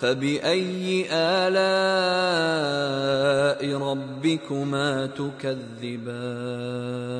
فبأي آلاء ربكما تكذبان